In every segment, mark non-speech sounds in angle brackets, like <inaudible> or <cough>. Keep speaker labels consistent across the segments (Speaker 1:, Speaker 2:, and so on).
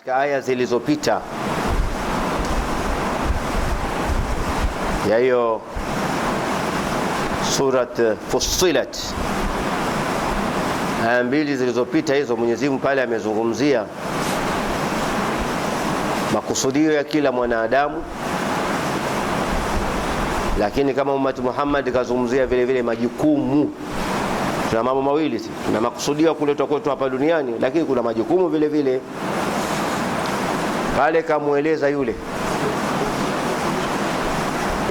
Speaker 1: Katika aya zilizopita, ya hiyo Surat Fussilat, aya mbili zilizopita hizo, Mwenyezi Mungu pale amezungumzia makusudio ya kila mwanadamu, lakini kama umati Muhammad kazungumzia vile vile majukumu tuna mambo mawili, tuna makusudio ya kuletwa kwetu hapa duniani, lakini kuna majukumu vile vile pale kamweleza yule,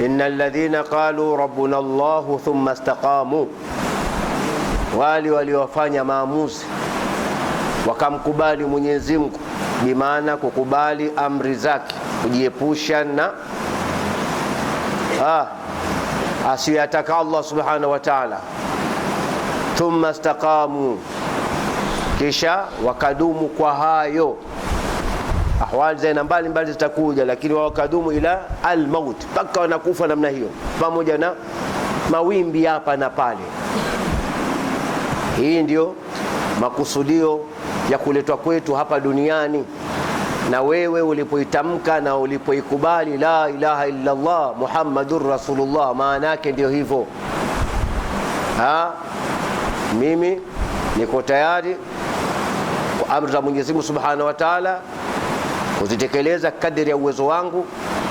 Speaker 1: ina ladhina qalu rabbuna llahu thumma istaqamu, wali waliofanya maamuzi wakamkubali Mwenyezi Mungu, bimaana kukubali amri zake, kujiepusha na ah, asiyataka Allah subhanahu wa ta'ala. Thumma istaqamu, kisha wakadumu kwa hayo ahwali za aina mbalimbali zitakuja, lakini wao kadumu ila almaut, mpaka wanakufa namna hiyo, pamoja na mawimbi hapa na pale. Hii ndio makusudio ya kuletwa kwetu hapa duniani. Na wewe ulipoitamka na ulipoikubali la ilaha illa Allah Muhammadur Rasulullah, maana yake ndio hivyo. Ha, mimi niko tayari kwa amri za Mwenyezi Mungu Subhanahu wa Ta'ala kuzitekeleza kadiri ya uwezo wangu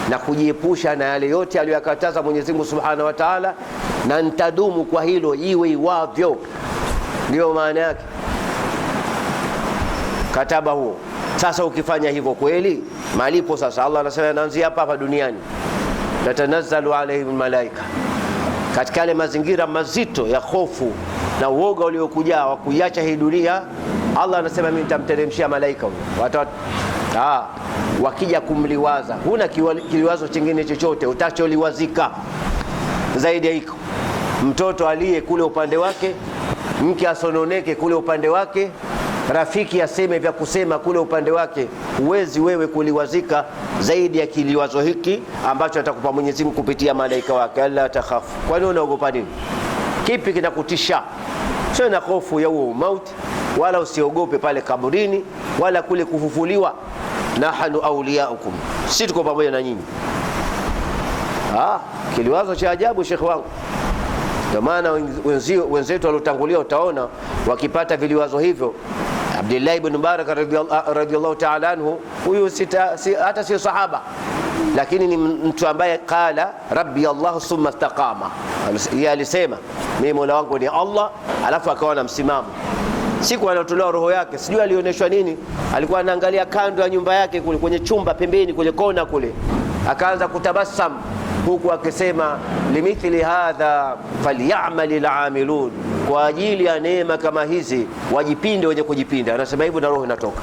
Speaker 1: na kujiepusha na yale yote aliyoyakataza Mwenyezi Mungu Subhanahu wa Ta'ala, na nitadumu kwa hilo iwe iwavyo. Ndiyo maana yake kataba huo. Sasa ukifanya hivyo kweli, malipo sasa, Allah anasema naanzia hapa hapa duniani, tatanazzalu alaihim malaika, katika yale mazingira mazito ya hofu na uoga uliokujaa wa kuiacha hii dunia, Allah anasema mimi nitamteremshia malaika Ah, wakija kumliwaza, huna kiliwazo chingine chochote utacholiwazika zaidi ya hiko. Mtoto aliye kule upande wake, mke asononeke kule upande wake, rafiki aseme vya kusema kule upande wake. Huwezi wewe kuliwazika zaidi ya kiliwazo hiki ambacho atakupa Mwenyezi Mungu kupitia malaika wake. Alla takhafu, nini unaogopa nini? Kipi kinakutisha? Sio na hofu ya huo mauti, wala usiogope pale kaburini, wala kule kufufuliwa nahnu auliyaukum, si tuko pamoja na nyinyi. kiliwazo cha ajabu shekhe wangu. Ndio maana wenzetu waliotangulia utaona wakipata viliwazo hivyo. Abdullah ibn Mubarak radhiyallahu ah, ta'ala anhu, huyu hata si sahaba, lakini ni mtu ambaye qala rabbi Allah thumma istaqama, yeye alisema mimi mola wangu ni Allah, alafu akawa na msimamo siku anatolewa roho yake, sijui alionyeshwa nini. Alikuwa anaangalia kando ya nyumba yake kule kwenye chumba pembeni, kwenye kona kule, akaanza kutabasam huku akisema limithli hadha falyamali lamilun, kwa ajili ya neema kama hizi wajipinde wenye kujipinda. Anasema hivyo na roho inatoka.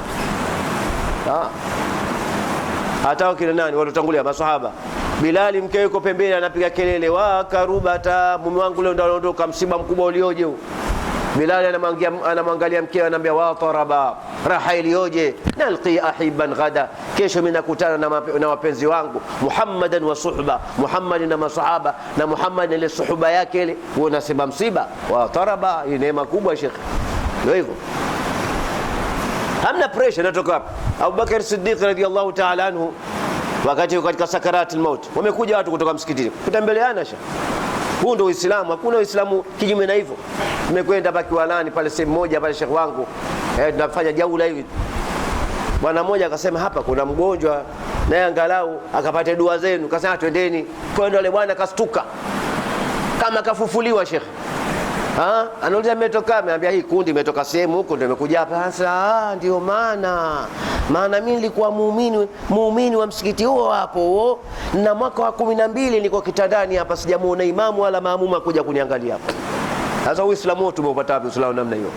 Speaker 1: Hata wakina nani waliotangulia masahaba Bilali mkeo yuko pembeni anapiga kelele, wakarubata mume wangu leo ndo anaondoka, msiba mkubwa ulioje huu. Bilali anamwangalia mkewe, anamwambia wa taraba raha nalqi ahiban ghada, kesho mimi nakutana na wapenzi wangu. Muhammadan wa suhba, Muhammad na masahaba na Muhammad ile suhba yake ile, wewe unasema msiba wa Hii neema kubwa shekhe, ndio hivyo hamna pressure. Natoka wapi? Abubakar Siddiq radhiyallahu ta'ala anhu, wakati katika sakaratul maut, wamekuja watu kutoka msikitini kutembeleana. Huu ndio Uislamu, hakuna Uislamu kinyume na hivyo. Tumekwenda hapa Kiwalani pale sehemu moja pale, shekhi wangu eh, tunafanya jaula hivi, bwana mmoja akasema hapa kuna mgonjwa naye angalau akapate dua zenu, kasema ah, twendeni. Kwenda ndio yule bwana kastuka kama kafufuliwa, shekhi Ha? Anauliza mmetoka? Ameambia hii kundi imetoka sehemu huko ndio imekuja hapa. Sasa Ah, ndio maana maana mimi nilikuwa muumini muumini wa msikiti huo hapo huo, na mwaka wa kumi na mbili niko kitandani hapa, sijamuona imamu wala maamuma kuja kuniangalia hapa. Sasa uislamu wetu tumeupata wapi? Uislamu namna hiyo.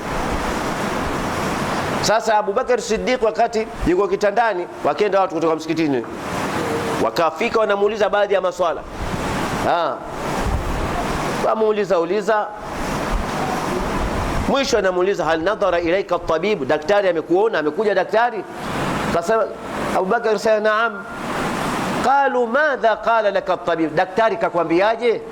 Speaker 1: Sasa Abubakar Siddiq wakati yuko kitandani, wakenda watu kutoka msikitini, wakafika wanamuuliza baadhi ya maswala ah, wamuuliza uliza, mwisho anamuuliza hal nadhara ilaika tabibu, daktari amekuona? Amekuja daktari? Kasema Abubakar, sasa naam. Qalu madha qala laka tabibu, daktari kakwambiaje?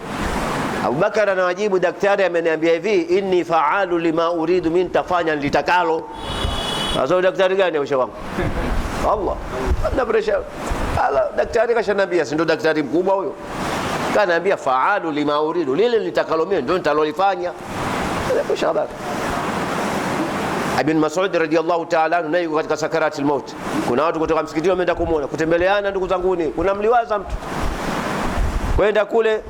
Speaker 1: Abubakar anawajibu daktari ameniambia hivi, inni faalu lima uridu, mimi nitafanya nilitakalo. Sasa daktari gani usha wangu? <laughs> Allah, na presha. Ala, daktari kashanambia, si ndo daktari mkubwa huyo? Kanaambia faalu lima uridu, lile nitakalo mimi ndio nitalolifanya. Ibn Mas'ud radiyallahu ta'ala anhu naye katika sakaratil maut. Kuna watu kutoka msikitini wameenda kumuona, kutembeleana, ndugu zanguni, kuna mliwaza mtu kwenda kule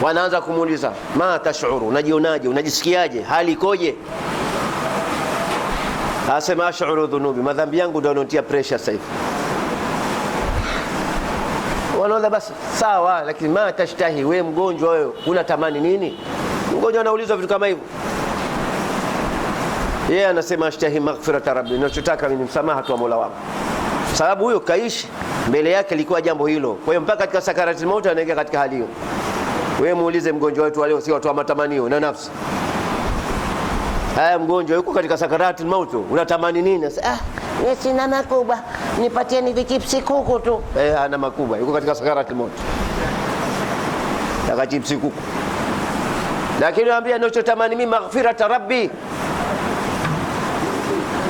Speaker 1: wanaanza kumuuliza ma tashuru, unajionaje? Unajisikiaje? hali ikoje? Asema ashuru dhunubi, madhambi yangu ndio yanatia pressure sasa hivi. Wanaona basi sawa, lakini ma tashtahi, we mgonjwa, wewe unatamani nini? Mgonjwa anaulizwa vitu kama hivyo, yeye yeah, anasema ashtahi maghfirata rabbi, ninachotaka mimi msamaha tu wa Mola wangu, sababu huyo kaishi mbele yake likuwa jambo hilo. Kwa hiyo mpaka katika sakaratul mauti anaingia katika hali hiyo. Wewe muulize mgonjwa wetu leo, si watu wa matamanio na nafsi. Haya, mgonjwa yuko katika sakaratul mautu, unatamani nini? Ah, mimi sina makubwa, ni vikipsi kuku tu. Eh, ana makubwa, yuko katika sakaratul mautu, taka chipsi kuku, lakini naambia ninachotamani mimi maghfirata rabbi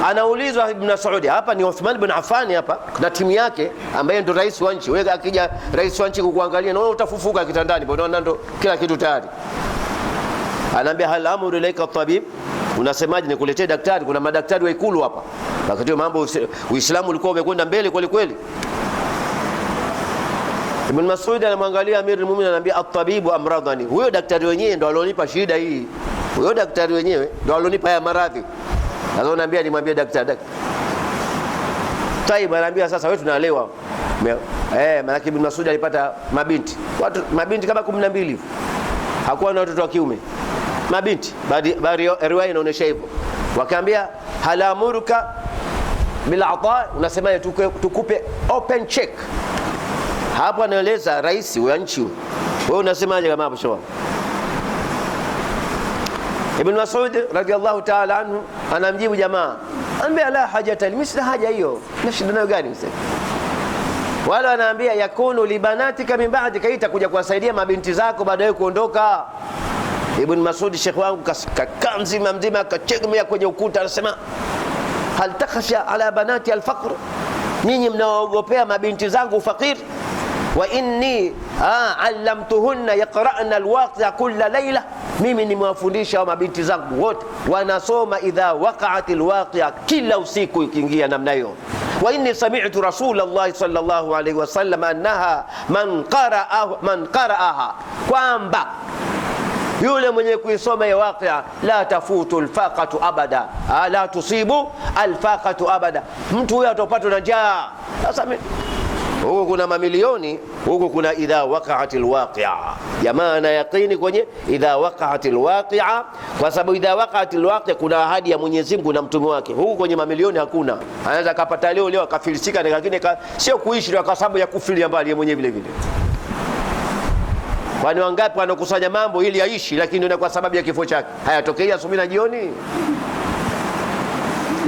Speaker 1: Anaulizwa Ibn Saudi, hapa ni Uthman bin Affan hapa na timu yake, ambaye ndo rais wa nchi. Wewe akija rais wa nchi kukuangalia, naona utafufuka kitandani, ndo kila kitu tayari. Anaambia hal amru ilaika tabib, unasemaje nikuletee daktari? Kuna madaktari wa ikulu hapa. Wakati mambo Uislamu ulikuwa umekwenda mbele kweli kweli. Ibn Mas'ud anamwangalia Amir al-Mu'minin, anamwambia at-tabibu amradhani, huyo daktari wenyewe ndo alionipa shida hii, huyo daktari wenyewe ndo alionipa haya maradhi. Sasa unaambia nimwambie daktari daktari. Taiba anaambia sasa wewe tunalewa. Eh, maana Ibn Mas'ud alipata mabinti. Watu mabinti kama 12 hivi. Hakuwa na watoto wa kiume. Mabinti. Bari riwaya inaonyesha hivyo. Wakaambia halamuruka bila ata unasemaje tukupe open check. Hapo anaeleza rais wa nchi. Wewe unasemaje kama hapo shaba? Ibn Mas'ud radhiallahu ta'ala anhu anamjibu jamaa, anambia la hajata li misla haja hiyo, nashida nayo gani mzee? Wala anaambia yakunu libanatika min ba'dika, itakuja kuwasaidia mabinti zako baada ya kuondoka. Ibn Mas'ud shekhi wangu kakaa mzima mzima, akachegemea kwenye ukuta, anasema hal takhsha ala banati alfaqr, nyinyi mnawaogopea mabinti zangu ufakiri wa inni allamtuhunna yaqra'na alwaqi'a kulla layla mimi nimewafundisha hao mabinti zangu wote, wanasoma idha waqa'atil lwaqia kila usiku ikiingia namna hiyo wa inni sami'tu Rasulullah sallallahu alaihi wasallam annaha man qara'aha man qara'aha, kwamba yule mwenye kuisoma ya waqia la tafutu alfaqatu abada, ah, la tusibu alfaqatu abada, mtu huyo atopatwa na njaa. Sasa huko kuna mamilioni, huko kuna idha waqaat alwaqia. Jamaa ana yaqini kwenye idha waqaat alwaqia, kwa sababu idha waqaat alwaqia kuna ahadi ya Mwenyezi Mungu na mtume wake. Huko kwenye mamilioni hakuna, anaweza kapata leo leo akafilisika, lakini sio kuishi kwa sababu ya kufilia mbali mwenyewe vile vile. Kwani wangapi wanakusanya mambo ili yaishi, lakini ni kwa sababu ya kifo chake hayatokei asubuhi na jioni.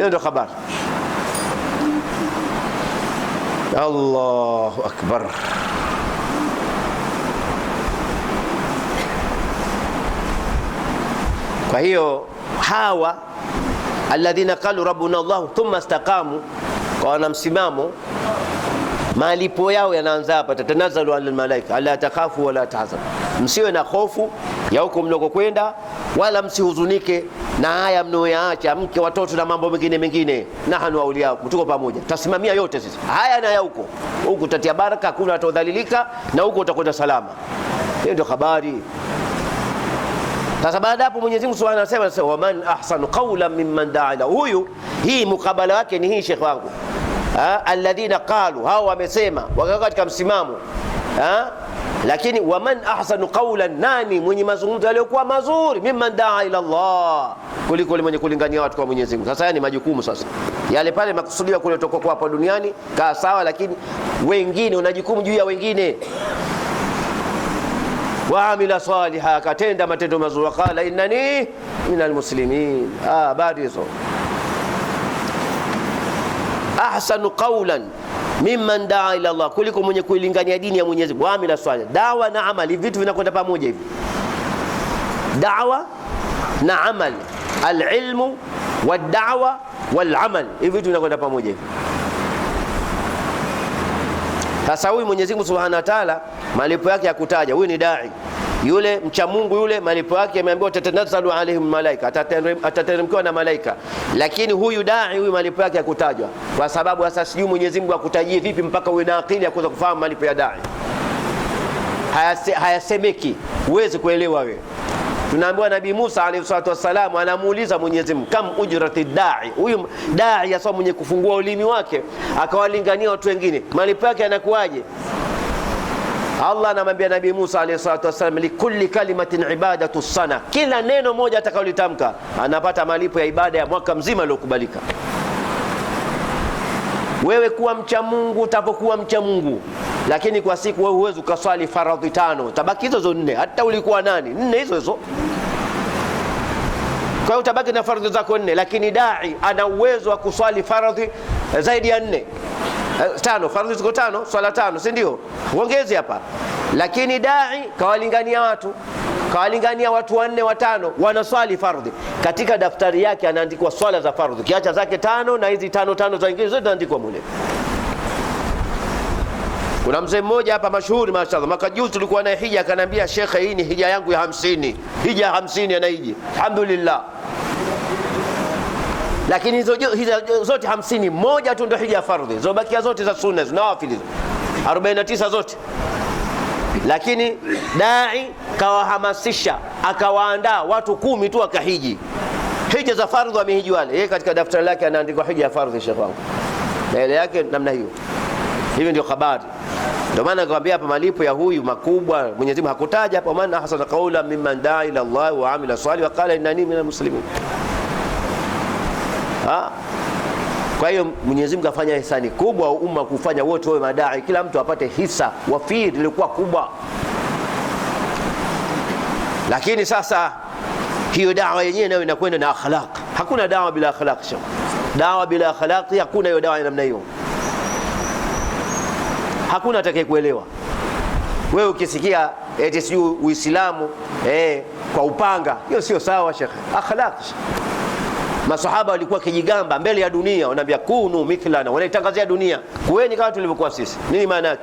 Speaker 1: Ndio habari. Allahu akbar. Kwa hiyo hawa alladhina qalu rabbuna Allah thumma istaqamu, kwa wanamsimamo malipo yao yanaanza hapa. Tatanazalu alal malaika alla takhafu wala tahzanu, msiwe na hofu ya huko mloko kwenda, wala msihuzunike na haya mnayoyaacha, mke, watoto na mambo mengine mengine, nahnu auliakum, tuko pamoja, tutasimamia yote sisi haya na haya huko huku, tatia baraka, hakuna atadhalilika, na huko utakwenda salama. Hiyo ndio habari. Sasa baada hapo Mwenyezi Mungu Subhanahu anasema sasa, man ahsanu qawlan mimman daa ila huyu, hii mukabala wake ni hii, shekhi wangu, alladhina qalu, hao wamesema, wakawa katika msimamo ha? Lakini waman ahsanu qawlan, nani mwenye mazungumzo yaliyokuwa mazuri, mimman daa ila Allah, kuliko mwenye kulingania watu kwa Mwenyezi Mungu. Sasa yani ni majukumu sasa yale pale makusudiwa kule kutoka hapa duniani, kaa sawa, lakini wengine una jukumu juu ya wengine waamila saliha, akatenda matendo mazuri, qala innani minal muslimin. Ah, baada hizo ahsanu qawlan mimman daa ila Allah, kuliko mwenye kuilingania dini ya Mwenyezi Mungu. Amila swala, dawa na amali, vitu vinakwenda pamoja hivi, dawa na amali, alilmu wadawa walamal, hivi vitu vinakwenda pamoja hivi. Sasa huyu Mwenyezi Mungu Subhanahu wa Ta'ala, malipo yake ya kutaja huyu ni dai yule mcha Mungu yule malipo yake ameambiwa tatanazzalu alaihim malaika, atateremkiwa na malaika. Lakini huyu dai huyu malipo yake hakutajwa, kwa sababu sasa sijui Mwenyezi Mungu akutajie vipi mpaka uwe na akili ya kuweza kufahamu malipo ya dai. Hayase, hayasemeki, huwezi kuelewa we. Tunaambiwa Nabii Musa alayhi salatu wassalam anamuuliza Mwenyezi Mungu, kam ujrati dai, huyu dai asawa mwenye kufungua ulimi wake akawalingania watu wengine, malipo yake yanakuwaje? Allah anamwambia Nabii Musa alayhi salatu wasallam, likulli kalimatin ibadatu sana, kila neno moja atakayolitamka anapata malipo ya ibada ya mwaka mzima aliyokubalika. Wewe kuwa mcha Mungu utapokuwa mcha Mungu, lakini kwa siku wewe huwezi ukaswali faradhi tano, tabaki hizo hizo nne. Hata ulikuwa nani, nne hizo hizo. Kwa hiyo utabaki na faradhi zako nne, lakini dai ana uwezo wa kuswali faradhi zaidi ya nne. Eh, tano, fardhi ziko tano, swala tano, si ndio? Uongezi hapa, lakini dai kawalingania watu kawalingania watu wanne watano, wanaswali fardhi. Katika daftari yake anaandikwa swala za fardhi, kiacha zake tano na hizi tano tano za nyingine zote zinaandikwa mule. Kuna mzee mmoja hapa mashuhuri, mashaallah, mwaka juzi tulikuwa naye hija, akanambia shekhe, hii ni hija yangu ya hamsini, hija hamsini anaiji. Alhamdulillah lakini hizo zote hamsini moja tu ndio hija fardhi, zobakia zote za sunna zina wafili 49 zote. Lakini dai kawahamasisha akawaandaa watu kumi tu akahiji hija za fardhi, wamehiji wale. Yeye katika daftari lake anaandikwa hija ya fardhi, shekhi wangu, na ile yake namna hiyo. Hivi ndio habari. Ndio maana nakwambia hapa malipo ya huyu makubwa, Mwenyezi Mungu hakutaja hapa, maana ahsana qaula mimman daa ila Allah wa amila salih wa qala innani minal muslimin. Ha? Kwa hiyo Mwenyezi Mungu afanya hisani kubwa umma kufanya wote wawe madai, kila mtu apate hisa. Wafii ilikuwa kubwa, lakini sasa hiyo dawa yenyewe nayo inakwenda na akhlaq. Hakuna dawa bila akhlaq, dawa bila akhlaq hakuna. Hiyo dawa ya namna hiyo hakuna atakayekuelewa. kuelewa. Wewe ukisikia eti sijui Uislamu eh, kwa upanga, hiyo sio sawa shekhe. Akhlaq Masahaba walikuwa kijigamba mbele ya dunia, wanaambia kunu mithlana, wanaitangazia dunia, kuweni kama tulivyokuwa sisi. Nini maana yake?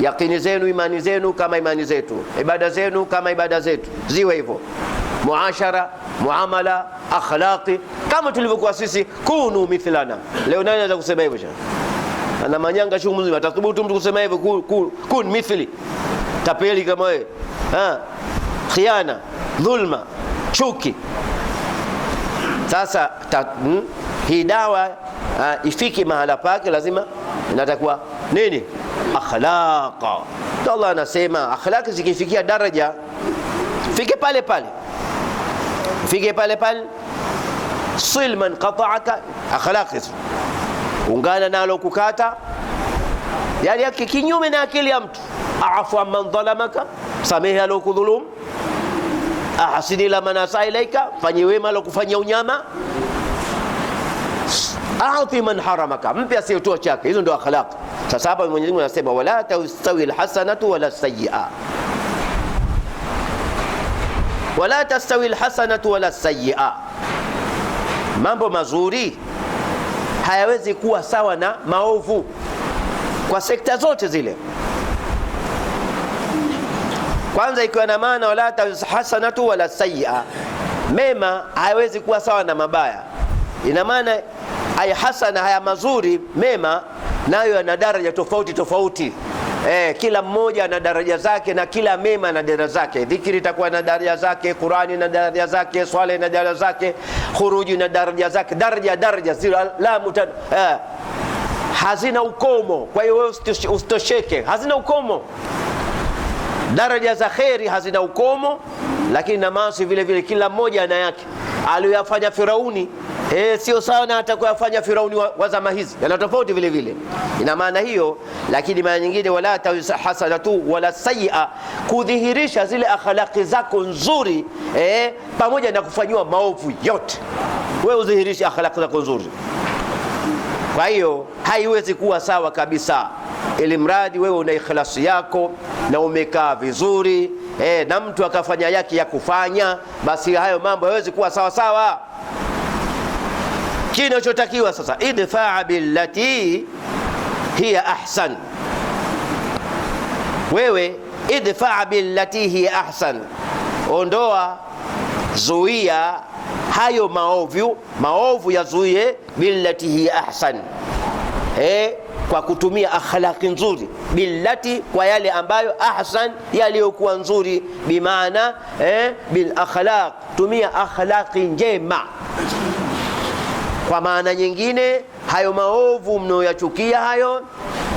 Speaker 1: Yakini zenu, imani zenu kama imani zetu, ibada zenu kama ibada zetu, ziwe hivyo muashara, muamala, akhlaqi kama tulivyokuwa sisi, kunu mithlana. Leo nani anaweza kusema hivyo? Ana manyanga shughuli mzima, atathubutu mtu kusema hivyo? Kun mithli, tapeli kama wewe, khiana, dhulma, chuki sasa ta, mm, hii dawa uh, ah, ifike mahala pake, lazima inatakuwa nini? Akhlaqa. Allah anasema akhlaqi zikifikia daraja fike pale pale, fike pale pale. Sil man qata'aka akhlaqi, ungana nalo kukata, yani yake kinyume na akili ya mtu. afwa man dhalamaka, samehe alokudhulum ahsini la manasa ilaika, fanye wema la kufanya unyama. Aati man haramaka, mpe asiyetoa chake. Hizo ndio akhlaq. Sasa hapa Mwenyezi Mungu anasema wala tastawi alhasanatu wala sayyi'a, wala tastawi alhasanatu wala sayyi'a. Mambo mazuri hayawezi kuwa sawa na maovu kwa sekta zote zile. Kwanza ikiwa na maana wala hasanatu wala sayia, mema hayawezi kuwa sawa na mabaya. Ina maana ay hasana, haya mazuri mema, nayo yana daraja tofauti tofauti. Eh, kila mmoja ana daraja zake na kila mema na daraja zake. Dhikiri itakuwa na daraja zake, Qurani na daraja zake, swala na daraja zake, khuruji na daraja zake, daraja daraja la mutan eh, hazina ukomo. Kwa hiyo wewe usitosheke, hazina ukomo. Daraja za kheri hazina ukomo, lakini na maasi vile vile, kila mmoja ana yake. Aliyoyafanya Firauni e, sio sawa na hata kuyafanya Firauni wa, wa zama hizi, yana tofauti vile vile, ina maana hiyo. Lakini mara nyingine, wala tawisa tu wala sayia, kudhihirisha zile akhlaki zako nzuri e, pamoja na kufanyiwa maovu yote, wewe udhihirishe akhlaki zako nzuri. Kwa hiyo haiwezi kuwa sawa kabisa ili mradi wewe una ikhlasi yako na umekaa vizuri eh, na mtu akafanya yake ya kufanya, basi hayo mambo hayawezi kuwa sawa sawa. Kinachotakiwa sasa, idfaa billati hiya ahsan, wewe idfaa billati hiya ahsan, ondoa zuia hayo maovu, maovu yazuie billati hiya ahsan eh kwa kutumia akhlaqi nzuri, billati, kwa yale ambayo ahsan, yaliyokuwa nzuri, bimaana eh, bil akhlaq, tumia akhlaqi njema. Kwa maana nyingine, hayo maovu mnayoyachukia hayo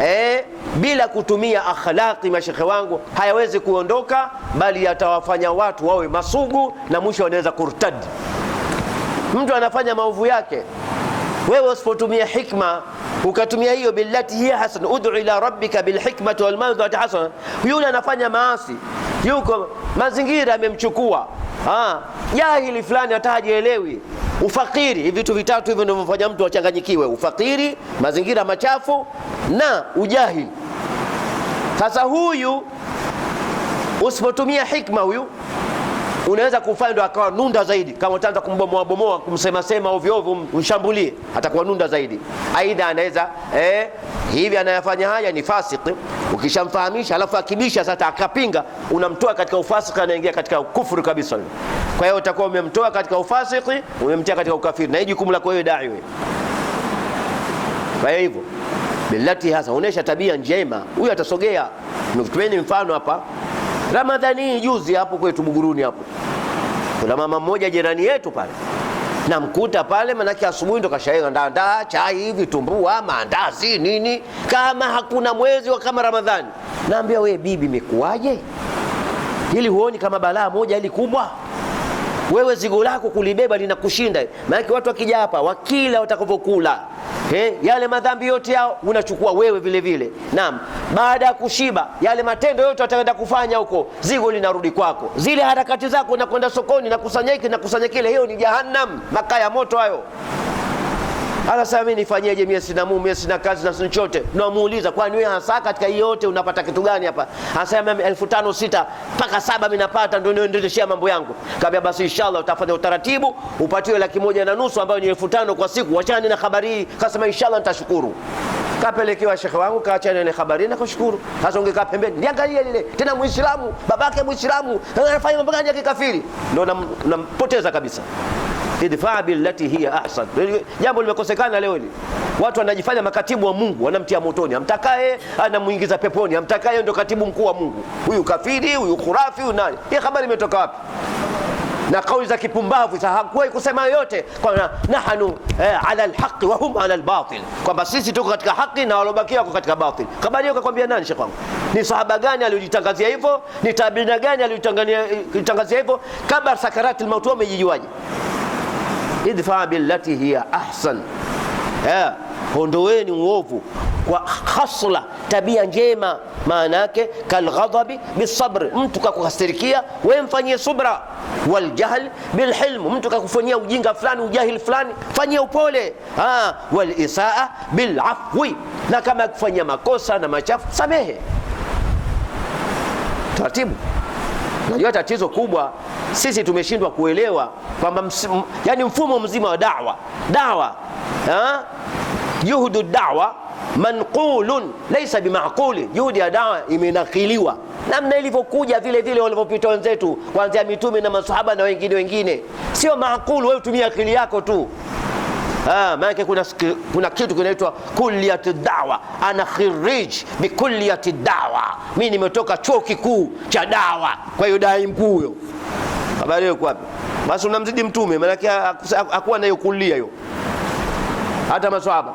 Speaker 1: eh, bila kutumia akhlaqi, mashekhe wangu, hayawezi kuondoka, bali yatawafanya watu wawe masugu na mwisho wanaweza kurtadi Mtu anafanya maovu yake, wewe usipotumia hikma ukatumia hiyo billati hiya hasana, ud'u ila rabbika bilhikmati walmawidhati hasana. Yule anafanya maasi, yuko mazingira yamemchukua jahili fulani, hata hajielewi ufakiri. Hivi vitu vitatu hivyo ndivyo mtu achanganyikiwe: ufakiri, mazingira machafu na ujahili. Sasa huyu usipotumia hikma huyu unaweza kumfanya ndo akawa nunda zaidi. Kama utaanza kumbomoa bomoa, kumsema sema ovyo ovyo, um, mshambulie, atakuwa nunda zaidi. Aidha anaweza eh, hivi anayafanya haya ni fasiki. Ukishamfahamisha alafu akibisha sasa akapinga, unamtoa katika ufasiki, anaingia katika kufuru kabisa. Kwa hiyo utakuwa umemtoa katika ufasiki, umemtia katika ukafiri, na hii jukumu lako wewe dai wewe. Kwa hiyo hivyo bilati hasa, onesha tabia njema, huyu atasogea. Nikutupeni mfano hapa. Ramadhani hii juzi hapo kwetu Buguruni hapo kuna mama mmoja jirani yetu pale namkuta pale, manake asubuhi ndo kashaandaa chai hivi tumbua maandazi nini, kama hakuna mwezi wa kama Ramadhani. Naambia we bibi, mekuaje ili huoni kama balaa moja ili kubwa? Wewe zigo lako kulibeba linakushinda, maanake watu wakija hapa wakila watakavyokula, eh, yale madhambi yote yao unachukua wewe vile vile. Naam, baada ya kushiba, yale matendo yote ataenda kufanya huko, zigo linarudi kwako, zile harakati zako na kwenda sokoni na kusanya hiki na kusanya kile, hiyo ni jahannam, makaa ya moto hayo. Anasema mimi nifanyeje? Mimi sina mume, mimi sina kazi na sina chochote. Namuuliza, kwani wewe hasa katika hiyo yote unapata kitu gani hapa? Anasema mimi elfu tano sita mpaka saba mimi napata, ndio niendeleshia mambo yangu. Kaambia basi, inshallah utafanya utaratibu upatiwe laki moja na nusu ambayo ni elfu tano kwa siku, wachana na habari hii. Kasema inshallah nitashukuru kapelekewa shekhe wangu kaacha nene habari na kushukuru. Sasa pembeni, niangalie lile tena, Muislamu babake Muislamu eh, anafanya mambo gani ya kikafiri, ndio nampoteza kabisa. Idfa billati hiya ahsan, jambo limekosekana leo hili. Watu wanajifanya makatibu wa Mungu, wanamtia motoni, amtakaye anamuingiza peponi, amtakaye ndio katibu mkuu wa Mungu. Huyu kafiri, huyu khurafi, huyu nani? Hii habari imetoka wapi? na kauli za kipumbavu hakuwahi kusema yoyote kwa nahnu eh, ala alhaqi wa hum ala albatil, kwamba sisi tuko katika haki na walobakia wako katika batil. Kabari yako kwambia nani? Shekhi wangu, ni sahaba gani aliyojitangazia hivyo? Ni tabina gani aliyojitangazia eh, hivyo? kabla sakarati almaut wamejijuaje? idfa billati hiya ahsan eh ondoweni uovu kwa hasla tabia njema. Maana yake kalghadhabi bisabr, mtu kakukasirikia we mfanyie subra, waljahl bilhilm, mtu kakufanyia ujinga fulani ujahil fulani fanyie upole, walisaa bilafwi, na kama akufanyia makosa na machafu samehe taratibu. Najua tatizo kubwa sisi tumeshindwa kuelewa kwamba yani mfumo mzima wa dawa dawa Juhudu dawa manqulun laysa bimaquli, juhudi ya dawa imenakiliwa namna ilivyokuja vile vile walivyopita wenzetu kuanzia mitume na masahaba na wengine wengine, sio maqul Wewe tumia akili yako tu. Ah, maana kuna, kuna kitu kinaitwa kulliyat dawa. Ana khirij bi kulliyat dawa, mimi nimetoka chuo kikuu cha dawa. Kwa hiyo dai mkuu huyo habari yako wapi? Basi unamzidi mtume, maana yake hakuwa hiyo kulia hiyo hata maswahaba.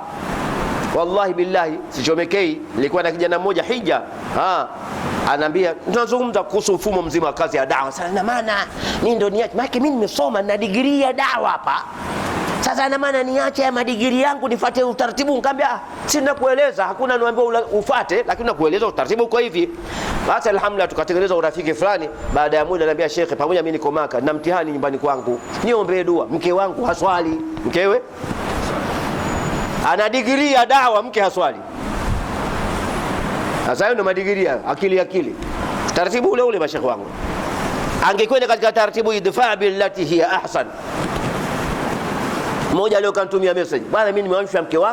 Speaker 1: Wallahi billahi sichomekei, nilikuwa na kijana mmoja hija, ha anaambia tunazungumza kuhusu mfumo mzima wa kazi ya dawa. Sasa na maana ni ndo niache, maana mimi nimesoma na degree ya dawa hapa. Sasa na maana niache ya madigiri yangu nifuate utaratibu? Nikamwambia si nakueleza, hakuna niambiwa ufuate, lakini nakueleza utaratibu uko hivi. Basi alhamdulillah, tukatengeneza urafiki fulani. Baada ya muda anambia shekhe, pamoja mimi niko Maka na mtihani nyumbani kwangu, niombe dua, mke wangu haswali, mkewe ana digrii ya dawa, mke haswali. Sasa hiyo ndio madigrii ya akili akili, taratibu ule ule mashekhe wangu angekwenda katika taratibu idfa billati hiya ahsan. Mmoja leo kanitumia message, bwana, mimi nimeamsha mke wangu.